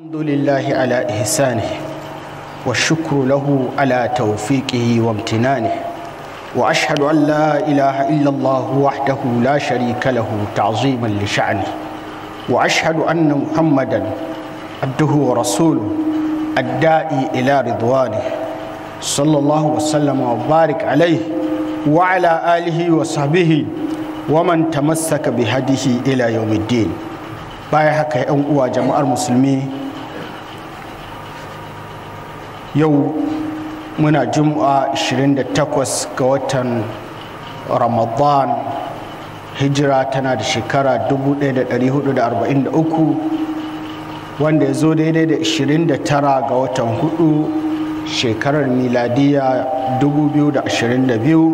الحمد لله على إحسانه والشكر له على توفيقه وامتنانه وأشهد أن لا إله إلا الله وحده لا شريك له تعظيما لشأنه وأشهد أن محمدا عبده ورسوله الداعي إلى رضوانه صلى الله وسلم وبارك عليه وعلى آله وصحبه ومن تمسك بهديه إلى يوم الدين بايحك يا أم جماعة المسلمين yau muna juma'a 28 ga watan ramadan hijira tana da shekara 1443 wanda ya zo daidai da 29 ga watan hudu shekarar miladiya 2022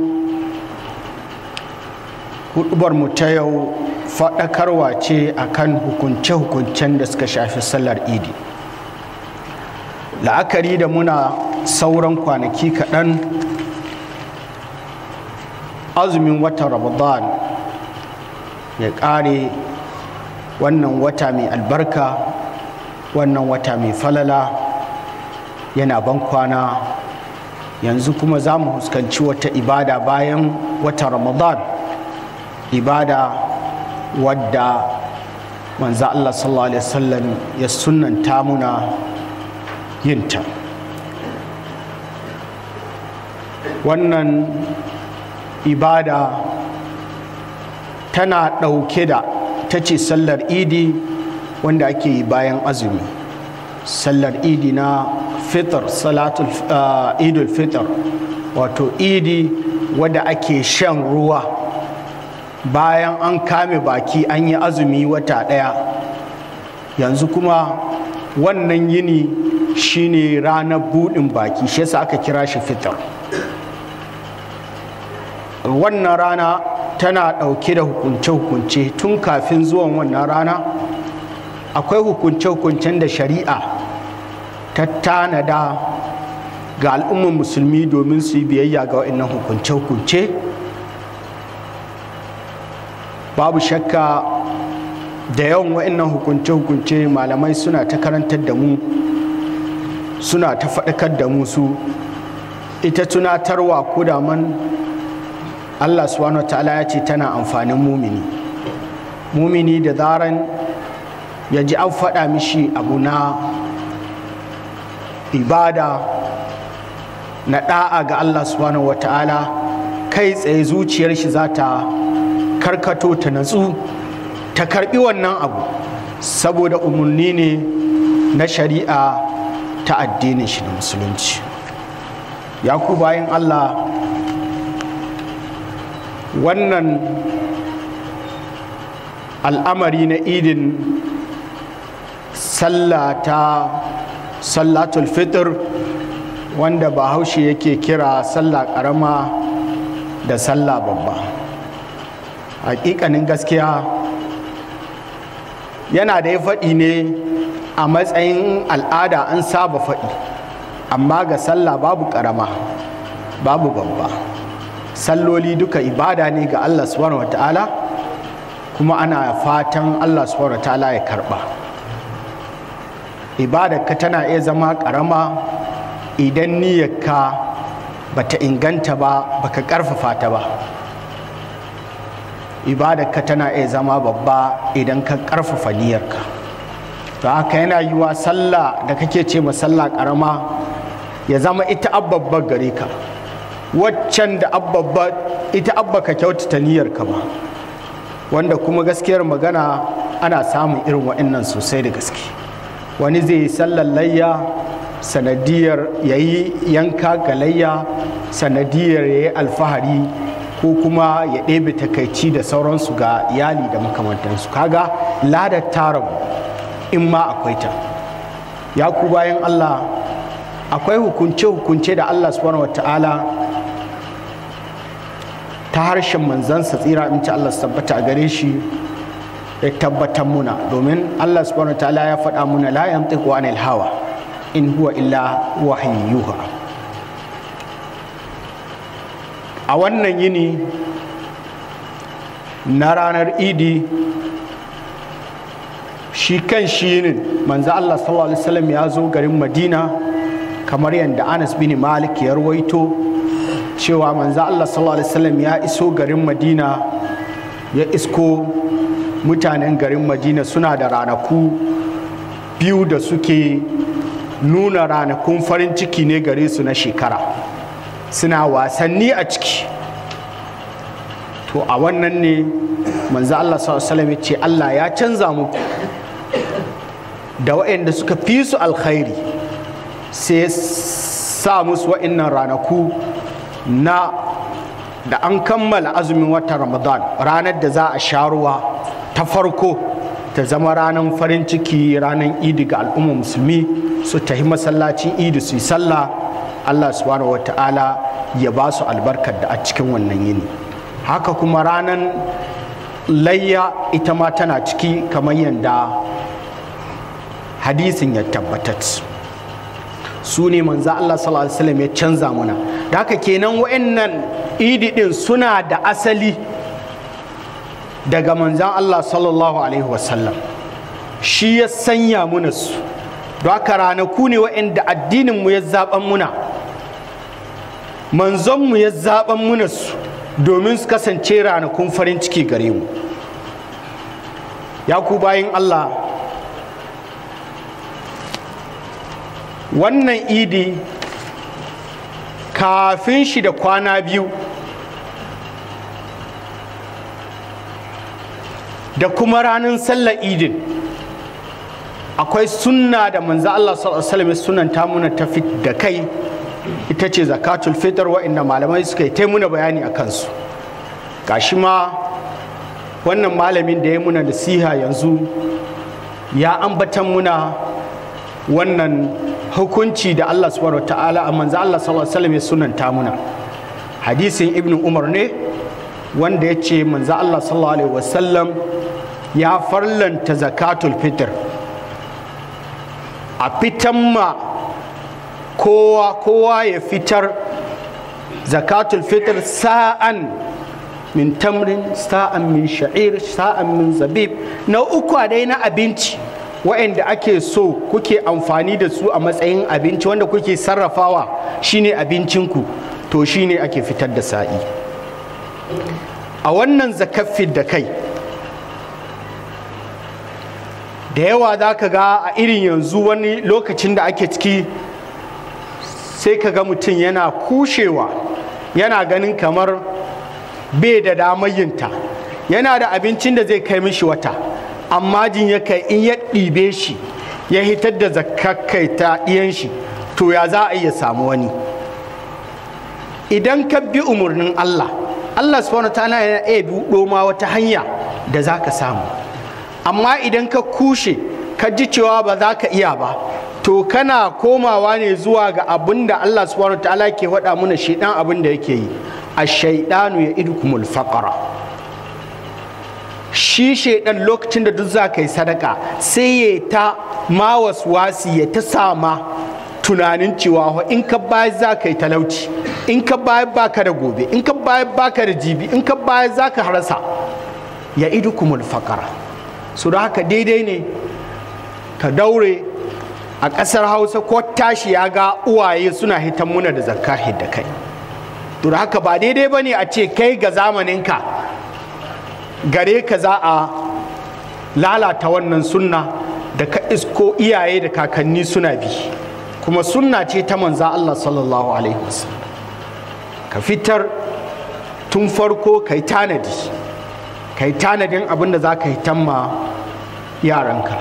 mu ta yau faɗakarwa ce akan hukunce-hukuncen da suka shafi sallar idi la'akari da muna sauran kwanaki kaɗan azumin watan ramadan ya ƙare wannan wata mai albarka wannan wata mai falala yana ban kwana yanzu kuma za mu huskanci wata ibada bayan wata ramadan ibada wadda manzo Allah sallallahu alaihi wasallam ya sunanta muna yinta wannan ibada tana ɗauke da ta ce sallar idi wanda ake yi bayan azumi sallar idi na fitar salatul ah, idul fitar wato idi wadda ake shan ruwa bayan an kame baki an yi azumi wata ɗaya yanzu kuma wannan yini shine ranar buɗin baki shi yasa aka kira shi fitar wannan rana tana ɗauke da hukunce-hukunce tun kafin zuwan wannan rana akwai hukunce-hukuncen da shari'a ta tanada ga al'ummar musulmi domin su yi biyayya ga waɗannan hukunce-hukunce babu shakka da yawan wa'annan hukunce-hukunce malamai suna ta karantar da mu suna ta faɗakar da musu ita tunatarwa ko da man allah subhanahu ta'ala ya ce tana amfanin mumini mumini da zaran ya ji an faɗa mishi abu na ibada na ɗa'a ga allah subhanahu ta'ala kai tsaye zuciyar shi za ta karkato ta natsu ta karɓi wannan abu saboda umarni ne na shari'a ta addinin shi da musulunci ya ku bayan allah wannan al'amari na idin sallata sallatul fitr wanda bahaushe yake kira sallah karama da sallah babba hakikanin gaskiya yana da ya faɗi ne a matsayin al'ada an saba faɗi amma ga sallah babu ƙarama babu babba salloli duka ibada ne ga allah subhanahu wata'ala kuma ana fatan allah subhanahu wata'ala ya karɓa ka tana iya zama ƙarama idan niyyarka ta inganta ba baka ƙarfafa ta ba Ibada ka tana iya zama babba idan ka ƙarfafa niyyarka to haka yana yiwa sallah da kake ce ma sallah karama ya zama ita abbabbar gare ka waccan da abbabba ita abba ka kyautata niyyar ka ba wanda kuma gaskiyar magana ana samun irin wa'annan sosai da gaske wani zai yi sallar layya sanadiyar ya yi yanka layya sanadiyar ya yi alfahari ko kuma ya ɗebe takaici da sauransu ga iyali da makamantansu kaga ladar tarabu in ma akwai ta ya ku bayan allah akwai hukunce-hukunce da allah subhanahu wa ta'ala ta harshen manzansa tsira in ci allah tabbata a gare shi ya tabbatar muna domin allah subhanahu wa ta'ala ya faɗa muna la yamtiku na hawa in huwa illa wahayyuha a wannan yini na ranar idi shi kan shi ne manzo Allah sallallahu alaihi wasallam ya zo garin Madina kamar yadda Anas bin Malik ya rawaito cewa manzo Allah sallallahu alaihi wasallam ya iso garin Madina ya isko mutanen garin Madina suna da ranaku biyu da suke nuna ranakun farin ciki ne gare su na shekara suna wasanni a ciki to a wannan ne manzo Allah sallallahu alaihi wasallam ya ce Allah ya canza muku da waɗanda suka fi su alkhairi sai sa musu waɗannan ranaku na da an kammala azumin wata ramadan ranar da za a sha ruwa ta farko ta zama ranar farin ciki ranar idi ga al'umma musulmi su tafi masallacin idi su yi sallah allah subhanahu wa ta'ala ya ba su albarkar da a cikin wannan yini haka kuma ranar layya ita ma tana ciki kamar yadda hadisin ya tabbatat su ne manza Allah sallallahu alaihi wasallam ya canza muna da haka kenan wa'annan idi suna da asali daga manzan Allah sallallahu alaihi wasallam shi ya sanya muna su da haka ranaku ne wa'anda addinin mu ya zaban muna manzon ya zaban muna su domin su kasance ranakun farin ciki gare mu ya ku bayin Allah wannan idi kafin shi da kwana biyu da kuma ranar sallar idin akwai sunna da manzo Allah sallallahu sunan ta muna tafi da kai ita ce zakatul fitr wa'inda malamai suka yi taimuna bayani a kansu gashi ma wannan malamin da ya muna nasiha yanzu ya ambatan muna wannan hukunci da Allah subhanahu ta'ala a manzo Allah sallallahu alaihi wasallam ya sunanta muna hadisin ibn umar ne wanda ya ce manzo Allah sallallahu alaihi wasallam ya farlanta zakatul fitr a fitan ma kowa kowa ya fitar zakatul fitr sa'an min tamrin sa'an min sha'ir sa'an min zabib na uku dai na abinci wa'anda ake so kuke amfani da su a matsayin abinci wanda kuke sarrafawa shine abincinku to shine ake fitar da sa'i a wannan zakaffin da kai da yawa za ka ga a irin yanzu wani lokacin da ake ciki sai ka ga mutum yana kushewa yana ganin kamar bai da yinta, yana da abincin da zai kai mishi wata amma jin ya kai in ya ɗibe shi ya hitar da zakakkai ta ɗiyan shi to ya za a iya samu wani idan ka bi umarnin Allah Allah subhanahu ta'ala yana iya buɗo ma wata hanya da za ka samu amma idan ka kushe ka ji cewa ba za ka iya ba to kana komawa ne zuwa ga abin da Allah subhanahu ta'ala ke faɗa mana shi ɗan abin da yake yi a shaiɗanu ya idukumul faqara shi shaidan lokacin da duk za ka yi sadaka sai ya ta ma wasi ya ta sama tunanin cewa in ka bayar za ka yi talauci in ka bayar ba ka da gobe in ka bayar ba ka da jibi in ka bayar za ka harasa ya idu kumul fakara su da haka daidai ne ka daure a ƙasar hausa ko tashi ya ga uwaye suna hitan muna da zakka da kai to haka ba daidai ba ne a ce kai ga zamaninka gare ka za a lalata wannan sunna da ka isko iyaye da kakanni suna bi kuma sunna ce ta manza Allah sallallahu alaihi wasallam ka fitar tun farko ka yi tanadi ka yi tanadin abin da za ka yi tamma yaranka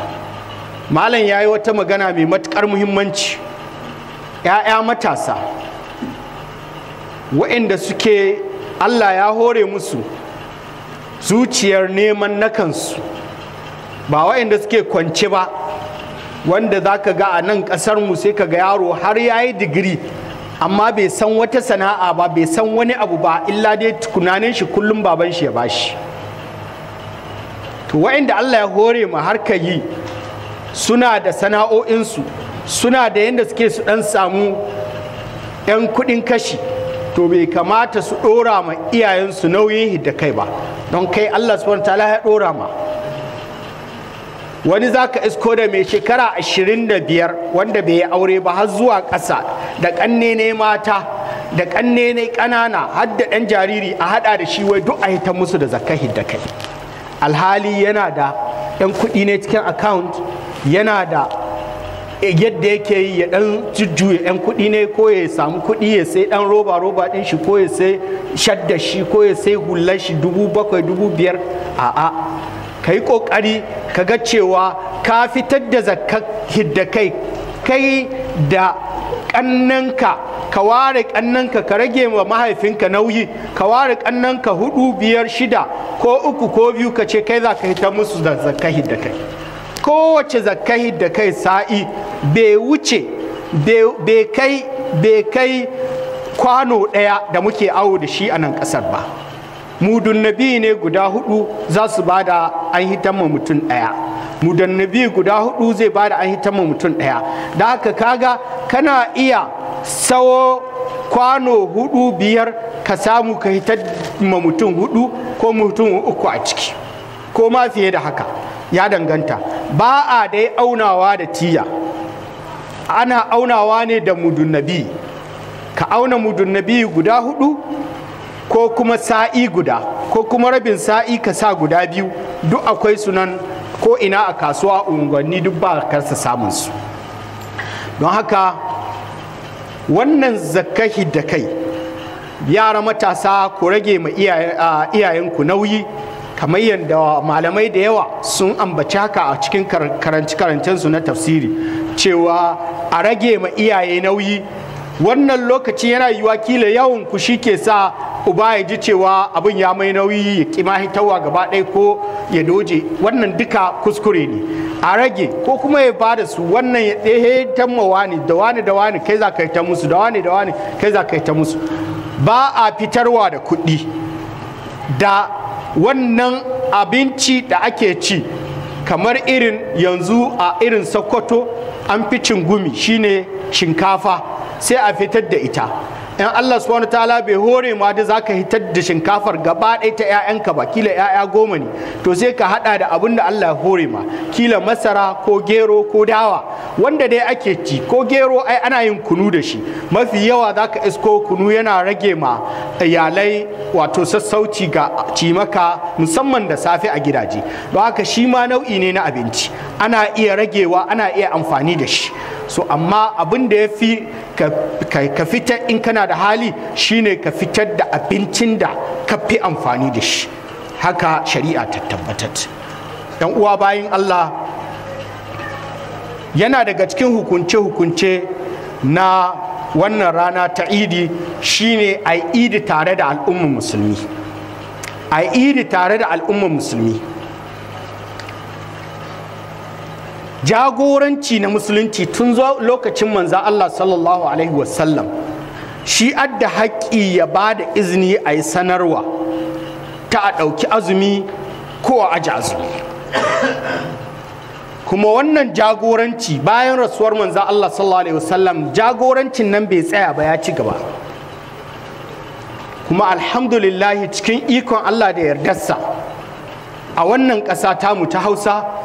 malam ya yi wata magana mai matuƙar muhimmanci 'ya'ya matasa wa'inda suke Allah ya hore musu zuciyar neman na kansu ba waɗanda suke kwance ba wanda za ka ga a nan ƙasarmu sai ka ga yaro har ya yi digiri amma bai san wata sana'a ba bai san wani abu ba illa dai tukunanin shi kullum baban shi ya bashi to waɗanda Allah ya hore mu ka yi suna da sana'o'insu suna da yadda suke su ɗan samu 'yan kuɗin kashi to bai kamata su ɗora ma iyayensu nauyin da kai ba don kai Allah subhanahu ta'ala ya ɗora ma wani za ka isko da mai shekara ashirin da biyar wanda bai yi aure ba har zuwa ƙasa da ƙanne ne mata da ƙanne ne ƙanana har da ɗan jariri a haɗa da shi wai duk a hita musu da zakka hidda kai alhali yana da ɗan kuɗi ne cikin account yana da Eh, yadda yake yi ya dan jujjuya yan kuɗi ne ko ya samu kuɗi ya sai dan roba roba din shi ko ya sai shadda shi ko ya sai hular shi dubu bakwai dubu biyar a'a ka yi ƙoƙari ka ga cewa ka fitar da zakka hidda kai kai da ƙannanka ka ware kannanka ka rage wa mahaifinka nauyi ka ware ƙannenka hudu biyar shida ko uku ko biyu ka ce kai za ka hita musu da zakka hidda kai kowace zakai da kai sa'i bai wuce bai kai kwano ɗaya da muke awo da shi a nan ƙasar ba mudun nabi ne guda hudu za su ba da an hitamma mutum ɗaya mudun nabi guda hudu zai ba da an hitamma mutum ɗaya da haka kaga kana iya sawo kwano hudu biyar ka samu ka hitar ma mutum hudu ko mutum uku a ciki ko ma fiye da haka ya danganta ba a dai aunawa da tiya ana aunawa ne da mudunnabi. ka auna mudunnabi guda hudu ko kuma sa'i guda ko kuma rabin sa'i ka sa guda biyu duk akwai sunan ko ina a kasuwa unguwanni duk ba karsa samun su don haka wannan zakahi da kai yara matasa ku rage ma iyayenku nauyi kamar yadda malamai da yawa sun ambaci haka a cikin karanci-karancensu na tafsiri cewa a rage ma iyaye nauyi wannan lokaci yana yiwa kila yawan ku shi ke sa uba ya ji cewa abin ya mai nauyi ya kima hitawa gaba ɗaya ko ya doje wannan duka kuskure ne a rage ko kuma ya ba da su wannan ya tsehe ne da wani da wani kai za ka yi ta musu da wani da wani kai za ka ta musu ba a fitarwa da kuɗi da wannan abinci da ake ci kamar irin yanzu a irin sokoto an fi cingumi shine shinkafa sai a fitar da ita in Allah subhanahu ta'ala bai hore ma da zaka hitar da shinkafar gaba ɗaya ta 'ya'yanka ba kila 'ya'ya goma ne to sai ka hada da abin da Allah ya hore ma kila masara ko gero ko dawa wanda dai ake ci ko gero ai ana yin kunu da shi mafi yawa zaka isko kunu yana rage ma iyalai wato sassauci ga cimaka musamman da safe a gidaje don haka shi ma nau'i ne na abinci ana iya ragewa ana iya amfani da shi so amma abin da ya fi ka fitar in kana da hali shine ka fitar da abincin da ka fi amfani da shi haka shari'a ta tabbatar yan uwa bayan allah yana daga cikin hukunce-hukunce na wannan rana ta idi shine a idi tare da al'ummar musulmi a idi tare da al'ummar musulmi jagoranci na musulunci tun lokacin manza Allah sallallahu alaihi wasallam shi adda haƙƙi ya ba da izini a yi sanarwa ta a ɗauki azumi ko a aji azumi kuma wannan jagoranci bayan rasuwar manza Allah sallallahu alaihi wasallam jagorancin nan bai tsaya ba ya ci gaba kuma alhamdulillahi cikin ikon Allah da yardarsa a wannan ƙasa tamu ta hausa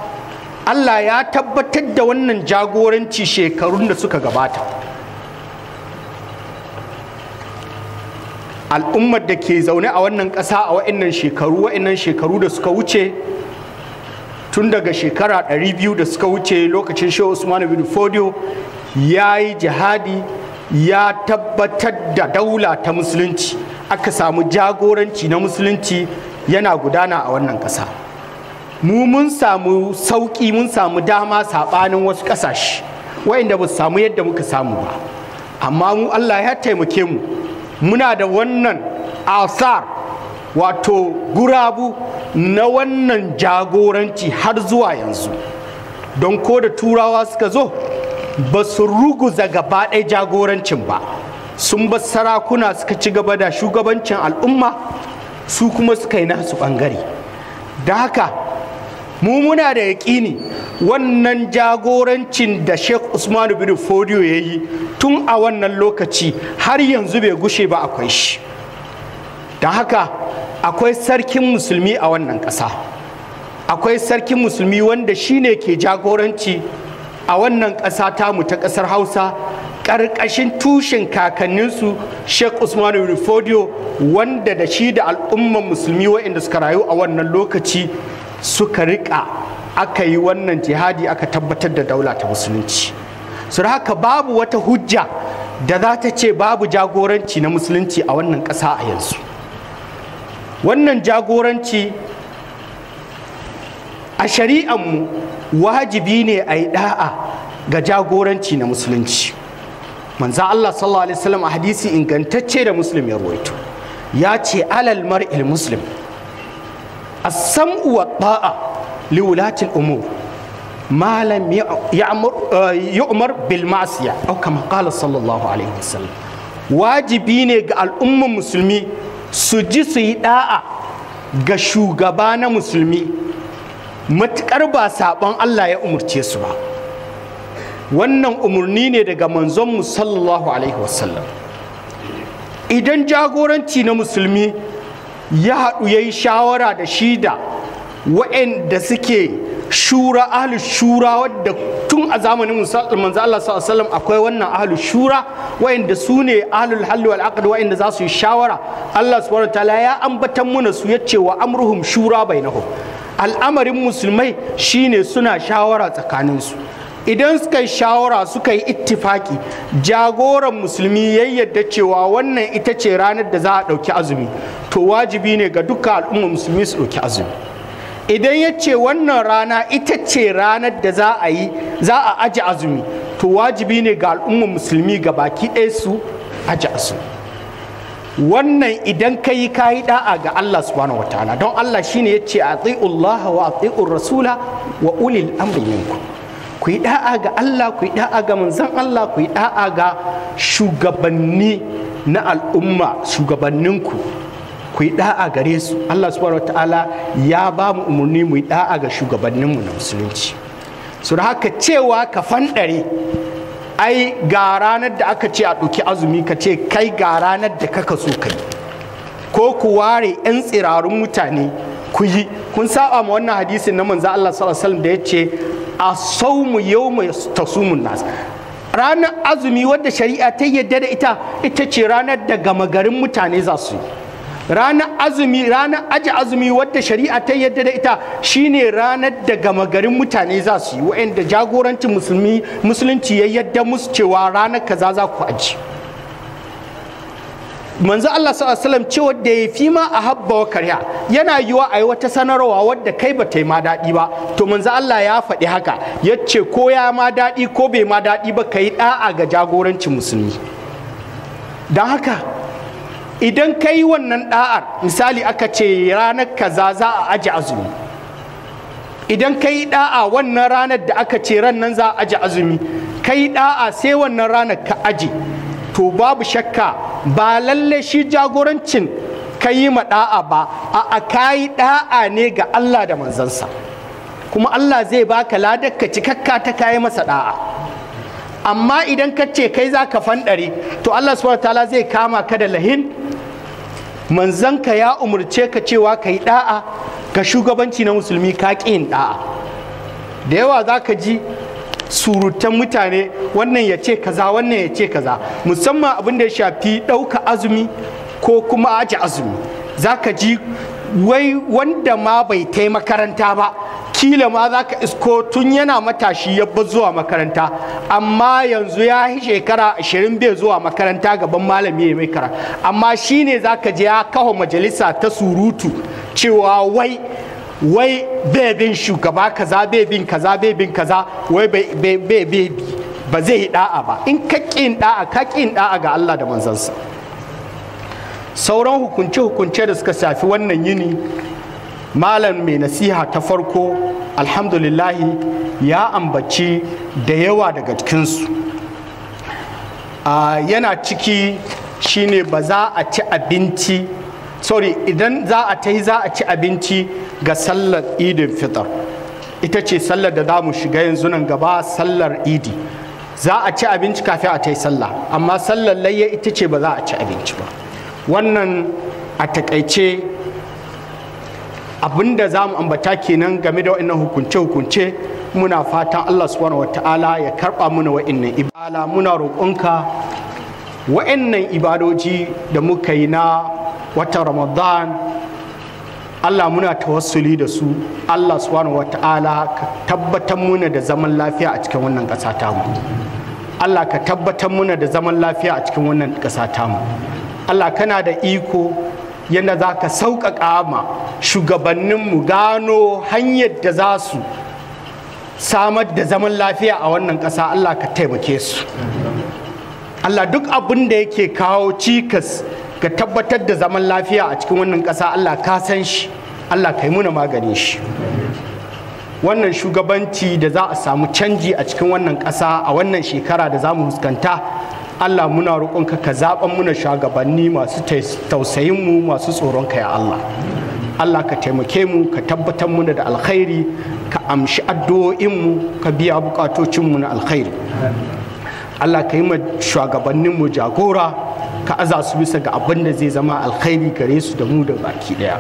Allah ya tabbatar da wannan jagoranci shekarun da suka gabata al'ummar da ke zaune a wannan ƙasa a wa'annan shekaru wa'annan shekaru da suka wuce tun daga shekara 200 da suka wuce lokacin shehu usman bin fodio ya yi jihadi ya tabbatar da daula ta musulunci aka samu jagoranci na musulunci yana gudana a wannan ƙasa. mu mun samu sauƙi mun samu dama saɓanin wasu ƙasashe wayanda ba su samu yadda muka samu ba amma mu Allah ya taimake mu muna da wannan asar wato gurabu na wannan jagoranci har zuwa yanzu don ko da turawa suka zo ba su ruguza gaba ɗaya jagorancin ba sun ba sarakuna suka ci gaba da shugabancin al'umma su kuma suka yi nasu ɓangare da haka mu muna da yaƙini wannan jagorancin da sheikh usmanu bin fodiyo ya yi tun a wannan lokaci har yanzu bai gushe ba akwai shi don haka akwai sarkin musulmi a wannan ƙasa akwai sarkin musulmi wanda shine ke jagoranci a wannan ƙasa tamu ta ƙasar hausa ƙarƙashin tushen kakanninsu sheikh bin fodiyo wanda da shi da al'umman musulmi waɗanda suka rayu a wannan lokaci suka rika aka yi wannan jihadi aka tabbatar da daula ta musulunci su haka babu wata hujja da za ta ce babu jagoranci na musulunci a wannan ƙasa a yanzu wannan jagoranci a shari'anmu wajibi ne a yi da'a ga jagoranci na musulunci manza Allah sallallahu alaihi wasallam a hadisi ingantacce da musulmi ya ruwaito ya ce alal mar'il muslim as-sam'u wat-ta'a li wulati umur Malam lam ya'mur uh, wajibi ne ga al'umman musulmi su ji su yi da'a ga shugaba na musulmi matuƙar ba saɓon Allah ya umurce su ba wannan umarni ne daga manzonmu idan jagoranci na musulmi ya haɗu ya yi shawara da shi da waɗanda suke shura shura wadda tun a zamanin manzo Allah akwai wannan ahlu shura waɗanda su ne ahlul halli wal aqd waɗanda za su yi shawara Allah subhanahu wataala ya ambatan muna su yace wa amruhum shura bainahum al'amarin musulmai shine suna shawara tsakaninsu su idan suka yi shawara suka yi ittifaki jagoran musulmi ya yadda cewa wannan ita ce ranar da za a ɗauki azumi to wajibi ne ga duka al'umma musulmi su ɗauki azumi idan ya ce wannan rana ita ce ranar da za a yi za a aji azumi to wajibi ne ga al'umma musulmi ga baki ɗaya su aji azumi wannan idan ka yi ka yi da'a ga Allah subhanahu wa ta'ala don Allah shine ya ce a Allah wa a rasula wa ulil amri minkum ku yi da'a ga Allah ku yi da'a ga manzan Allah ku yi da'a ga shugabanni na al'umma shugabanninku ku yi da'a gare su Allah subhanahu ta'ala ya ba mu umarni mu yi da'a ga shugabanninmu na musulunci su da haka cewa ka fanɗare ai ga ranar da aka ce a ɗauki azumi ka ce kai ga ranar da kaka so ka yi, ko ku ware 'yan tsirarun mutane ku yi kun saba ma wannan hadisin na manzo Allah sallallahu alaihi wasallam da yace a saumu yau mai tasumun nasa ranar azumi wadda shari'a ta yadda da ita ita ce ranar da gama garin mutane za su yi ranar azumi ranar aji azumi wadda shari'a ta yadda da ita shine ranar da gama garin mutane za su yi wa'anda jagorancin musulunci ya yadda musu cewa ranar kaza za ku aji manzo Allah sallallahu alaihi wasallam cewa da ya fi ma a habba wa karya yana yiwa a wata sanarwa wadda kai ba ta yi ma daɗi ba to manzo Allah ya faɗi haka yace ko ya ma daɗi ko bai ma daɗi ba kai yi ɗa'a ga jagorancin musulmi don haka idan ka yi wannan ɗa'ar misali aka ce ranar kaza za a aji azumi idan kai yi ɗa'a wannan ranar da aka ce ran nan za a aji azumi kai yi ɗa'a sai wannan ranar ka aji to babu shakka ba lalle shi jagorancin ka yi ma da'a ba a kayi da'a ne ga Allah da manzansa kuma Allah zai baka ladar ka cikakka ta kayi masa da'a amma idan ka ce kai za ka fandare to Allah subhanahu ta'ala zai kama ka da lahin manzanka ya umarce ka cewa ka yi da'a ga shugabanci na musulmi ka ƙi yin da'a da yawa za ka ji surutan mutane wannan ya ce kaza wannan ya ce kaza musamman abin da ya shafi ɗauka azumi ko kuma aji azumi za ka ji wai wanda ma bai tai makaranta ba kila ma za ka isko tun yana matashi ya bar zuwa makaranta amma yanzu ya yi shekara ashirin bai zuwa makaranta gaban malami ya mai kara amma shine za ka je ya kawo majalisa ta surutu cewa wai wai bai shugaba kaza bai kaza bai kaza wai bai ba zai yi da'a ba in ka kin da'a ka kin da'a ga Allah da manzansa sauran hukunce hukunce da suka shafi wannan yini malam mai nasiha ta farko alhamdulillahi ya ambaci da yawa daga cikinsu yana ciki shine ba za a ci abinci sorry idan za a ta yi za a ci abinci ga sallar idin fitar ita ce sallar da za shiga yanzu nan gaba sallar idi za a ci abinci kafi a ta yi sallah amma sallar layya ita ce ba za a ci abinci ba wannan a takaice abinda za mu ambata kenan game da wa'annan hukunce-hukunce muna fatan allah subhanahu wata'ala ya karba muna wa'annan ibada muna roƙonka wa'annan ibadoji da muka yi na watan ramadan Allah muna tawassuli da su Allah subhanahu wata'ala ka tabbatar muna da zaman lafiya a cikin wannan ƙasa tamu Allah ka tabbatar muna da zaman lafiya a cikin wannan ƙasa tamu Allah kana da iko yadda za ka sauƙaƙa ma shugabanninmu gano hanyar da za su samar da zaman lafiya a wannan ƙasa Allah ka taimake su Allah duk abin da yake kawo cikas ka tabbatar da zaman lafiya a cikin wannan ƙasa Allah ka san shi Allah ka yi muna maganin shi wannan shugabanci da za a samu canji a cikin wannan ƙasa a wannan shekara da za mu fuskanta Allah muna roƙonka ka zaɓan muna shugabanni masu tausayin mu masu tsoron ka ya Allah Allah ka taimake mu ka tabbatar muna da alkhairi ka amshi addu'o'in mu ka biya bukatocin mu na alkhairi Allah ka yi ma shugabannin mu jagora ka aza su bisa ga abin da zai zama alkhairi gare su da mu da baki daya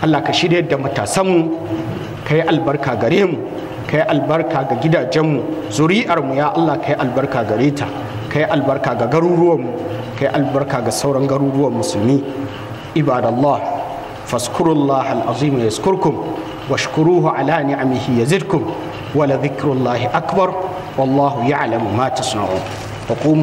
Allah ka shirya da matasanmu ka yi albarka gare mu ka yi albarka ga gidajenmu zuri'armu ya Allah ka yi albarka gare ta ka yi albarka ga garuruwanmu ka yi albarka ga sauran garuruwan musulmi ibadallah faskurullah al'azim ya yaskurkum shukuruhu ala ni'amihi yazidkum ولذكر الله أكبر akbar wallahu ما تصنعون وقوموا